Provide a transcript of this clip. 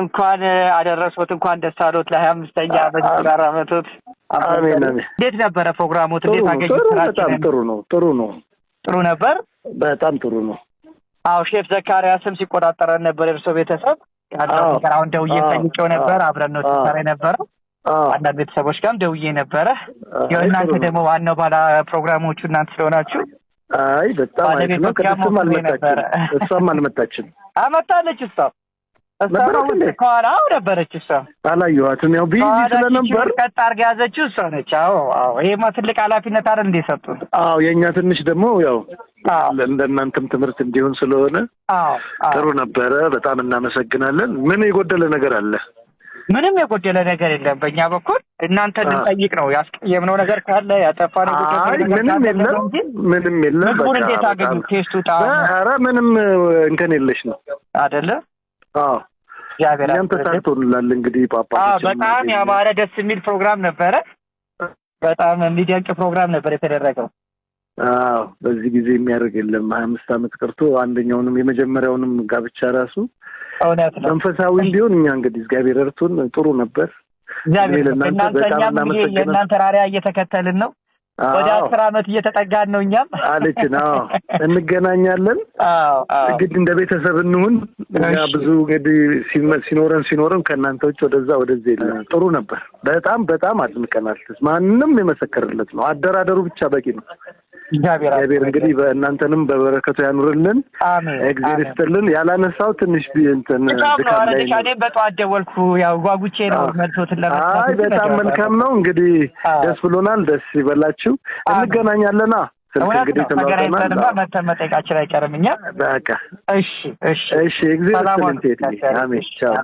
እንኳን አደረሶት፣ እንኳን ደስ አሎት ለሀያ አምስተኛ ዓመት ጋር አመቶት። እንዴት ነበረ ፕሮግራሙት እንዴት አገኙት? በጣም ጥሩ ነው። ጥሩ ነው። ጥሩ ነበር። በጣም ጥሩ ነው። አዎ ሼፍ ዘካሪያስም ሲቆጣጠረን ነበር የእርሶ ቤተሰብ ያለው ነገር። አሁን ደውዬ ጠይቄው ነበር። አብረን ነው ሲሰራ የነበረው። አንዳንድ ቤተሰቦች ጋርም ደውዬ ነበረ። እናንተ ደግሞ ዋናው ባላ ፕሮግራሞቹ እናንተ ስለሆናችሁ አይ በጣም አሪፍ ነው። ቅድስትም አልመጣችም፣ እሷም አልመጣችም። አመጣለች እሷም ከኋላ ነበረች እሷ አላየኋትም። ያው ቢዚ ስለነበር ቀጥ ያዘችው እሷ ነች። አዎ አዎ፣ ይሄማ ትልቅ አይደል ሰጡን። አዎ የእኛ ትንሽ ደግሞ ያው ትምህርት እንዲሆን ስለሆነ ጥሩ ነበረ። በጣም እናመሰግናለን። ምን የጎደለ ነገር አለ? ምንም የጎደለ ነገር የለም። በእኛ በኩል እናንተ እንጠይቅ ነው። ያስቀየምነው ነገር ካለ ያጠፋ ነው ምንም የለም፣ ምንም የለም። ምግቡን እንዴት አገኙ? ቴስቱ ጣ ኧረ ምንም እንከን የለሽ ነው አደለ አዎ እኛም ተሳክቶንላል። እንግዲህ ጳጳስ በጣም ያማረ ደስ የሚል ፕሮግራም ነበረ። በጣም የሚደንቅ ፕሮግራም ነበር የተደረገው። አዎ በዚህ ጊዜ የሚያደርግ የለም። ሀያ አምስት ዓመት ቀርቶ አንደኛውንም የመጀመሪያውንም ጋብቻ ራሱ እውነት ነው መንፈሳዊ ቢሆን እኛ እንግዲህ እግዚአብሔር ረድቶን ጥሩ ነበር። እግዚአብሔር እናንተ እኛም የእናንተ ራሪያ እየተከተልን ነው ወደ አስር አመት እየተጠጋን ነው። እኛም ነው እንገናኛለን። ግድ እንደ ቤተሰብ እንሁን። እኛ ብዙ እንግዲህ ሲኖረን ሲኖረን ከእናንተ ውጭ ወደዛ ወደዚ የለም። ጥሩ ነበር። በጣም በጣም አድንቀናል። ማንም የመሰከርለት ነው። አደራደሩ ብቻ በቂ ነው። እግዚአብሔር እንግዲህ በእናንተንም በበረከቱ ያኑርልን። እግዚአብሔር ይስጥልን። ያላነሳው ትንሽ እንትን ድካም ላይ ነው። በጠዋት ደወልኩ ያው ጓጉቼ ነው መልሶትን ለመስማት። አይ በጣም መልካም ነው። እንግዲህ ደስ ብሎናል። ደስ ይበላችሁ። እንገናኛለና ስልክ መተን መጠየቃችን አይቀርም እኛ በቃ እሺ፣ እሺ፣ እሺ። እግዚአብሔር ይስጥልን። ቴዲ አሜን። ቻው